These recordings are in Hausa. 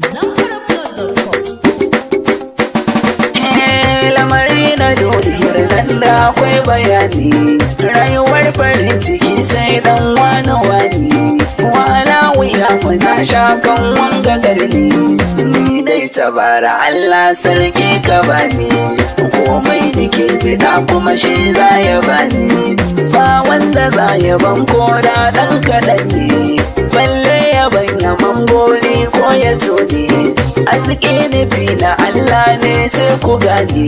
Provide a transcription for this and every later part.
Eh, da akwai bayani rayuwar farin ciki sai dan wani wani wala wuya muna shakan wanga garni ni dai tabara Allah sarki ka bani komai nake gida kuma shi za ya bani ba wanda za ya ban koda dan kaɗan ne balle ya ban nufi na Allah ne sai ku gane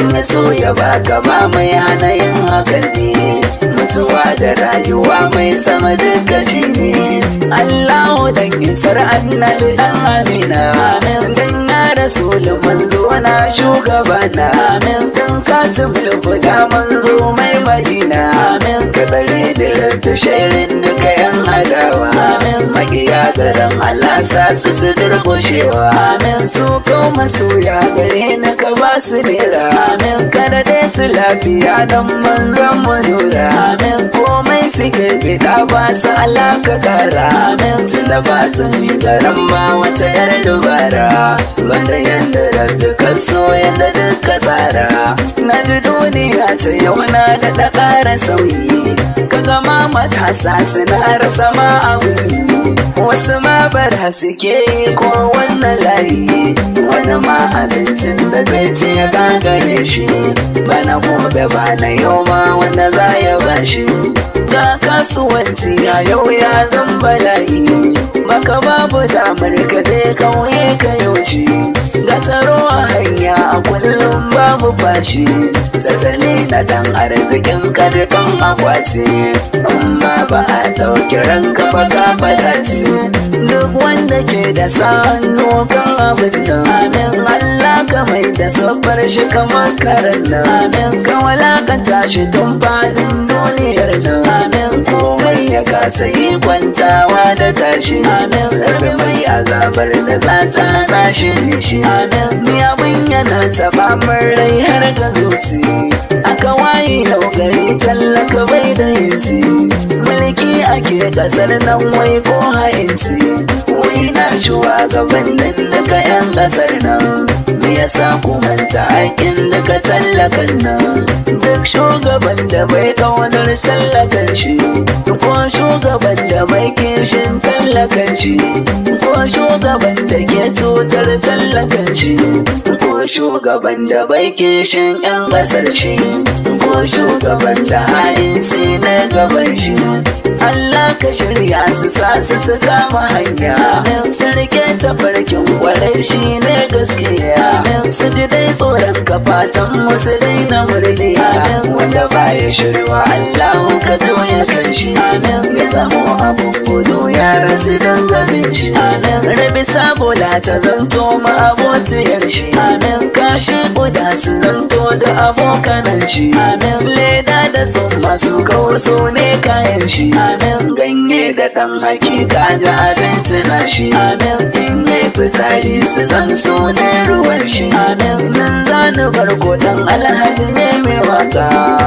in so ya baka ba mai hanayin hakan ne mutuwa da rayuwa mai sama duka shi ne Allah dan isar annal dan amina dan na rasul manzo na shugabana amin dan katibul guda manzo mai madina amin ka tsare da shirin duka yan adawa masaran Allah sa su su durgushewa amin su ko masoya gare ni ka ba su nera amin kada dai su lafiya don manzon mu nura amin ko kai suke fita ba su alaka kara amin da ba su ni garan ma wata yar dubara wanda yadda da duka so yadda duka tsara na ji duniya ta yau na da da ƙara sauyi ka gama matasa suna rasa ma abu wasu ma bar haske ko wannan layi wani ma abincin da zai ce ya gagare shi bana gobe ba na yau ma wanda za ya bashi kasuwanci a yau ya zan bala'i maka babu damar ka dai kauye ka yaushe ga tsaro a hanya a kullum babu fashi tattali na dan arzikin ka da kan akwati amma ba a ranka ba ka fadasi duk wanda ke da sa hannu kan abin da amin Allah ka mai da sabbar shi kamar karan nan amin ka walakanta shi tun faɗin duniyar nan ya kasa yi kwantawa da tashi karfe mai azabar da za ta tashi shi ya yana taba rai har ga zuci aka waye laukari gari tallaka bai da yinsi mulki ake kasar nan wai ko ha'insi wai na shuwa gaban nan daga 'yan kasar nan ya ku manta aikin ka tallakan nan duk shugaban da bai kawanar tallakan shi ko shugaban da bai kishin tallakan shi ko shugaban da ke tsotar tallakan shi ko shugaban da bai kishin 'yan ƙasar shi shugaban da halin sai na gaban shi Allah ka shirya su sa su su kama hanya Sarki ta farkin kwarai shi ne gaskiya su ji dai tsoron kafatan musu dai na murni wanda ya shirwa Allah ka doya kan shi ya zamo abun gudu rasu su dangabin shi rabi saboda ta zanto ma abotiyar shi masu zanto da Anan leda da son masu kawo so ne kayan shi ganye da ɗan hakika da abinci na shi in ya fitsari su zan so ne ruwan shi nan gane farko dan alhaji ne mai wata.